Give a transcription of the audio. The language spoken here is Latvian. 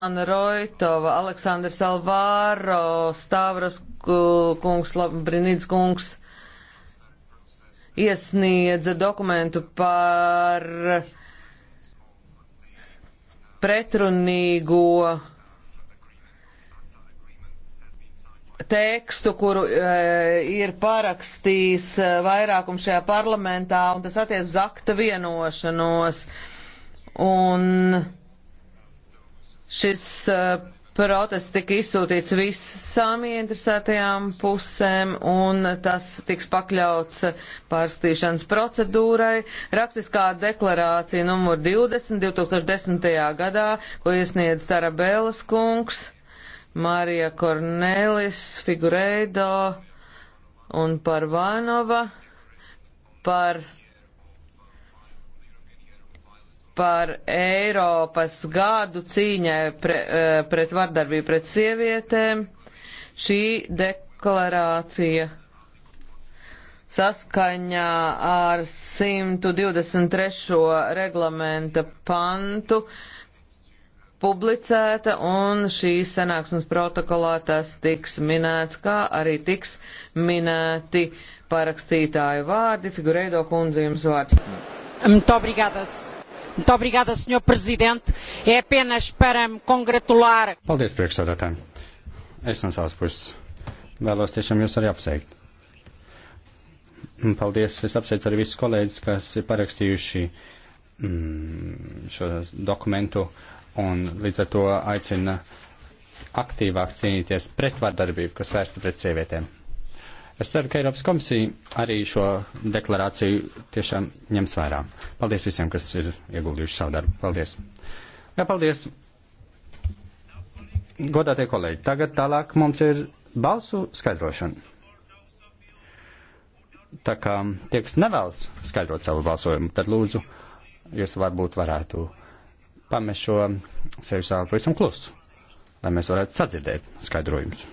Anna Roitova, Aleksandrs Alvāro, Stāvras kungs, Labrinīts kungs iesniedza dokumentu par pretrunīgo tekstu, kuru e, ir parakstījis eh, vairākums šajā parlamentā, un tas attiec uz akta vienošanos. Un Šis uh, protests tika izsūtīts visām ieinteresētajām pusēm, un tas tiks pakļauts pārstīšanas procedūrai. Rakstiskā deklarācija numur 20 2010. gadā, ko iesniedz Tarabēlas kungs, Marija Kornelis, Figureido un Parvanova par par Eiropas gadu cīņai pre, e, pret vardarbību pret sievietēm. Šī deklarācija saskaņā ar 123. reglamenta pantu publicēta, un šīs sanāksmes protokolā tas tiks minēts, kā arī tiks minēti parakstītāju vārdi. Figureido kundze, jums vārds. Muito obrigadas. Muito obrigada, Sr. Presidente. É apenas para me congratular. Paldies, priekšsādātājiem. Es no savas puses vēlos tiešām jūs arī apsveikt. Paldies. Es apsveicu arī visus kolēģis, kas ir parakstījuši mm, šo dokumentu un līdz ar to aicina aktīvāk cīnīties pret vardarbību, kas vērsta pret sievietēm. Es ceru, ka Eiropas komisija arī šo deklarāciju tiešām ņems vērā. Paldies visiem, kas ir ieguldījuši savu darbu. Paldies. Jā, paldies. Godātie kolēģi, tagad tālāk mums ir balsu skaidrošana. Tā kā tie, kas nevēlas skaidrot savu balsojumu, tad lūdzu, jūs varbūt varētu pamest šo sevi sāli pavisam klusu, lai mēs varētu sadzirdēt skaidrojumus.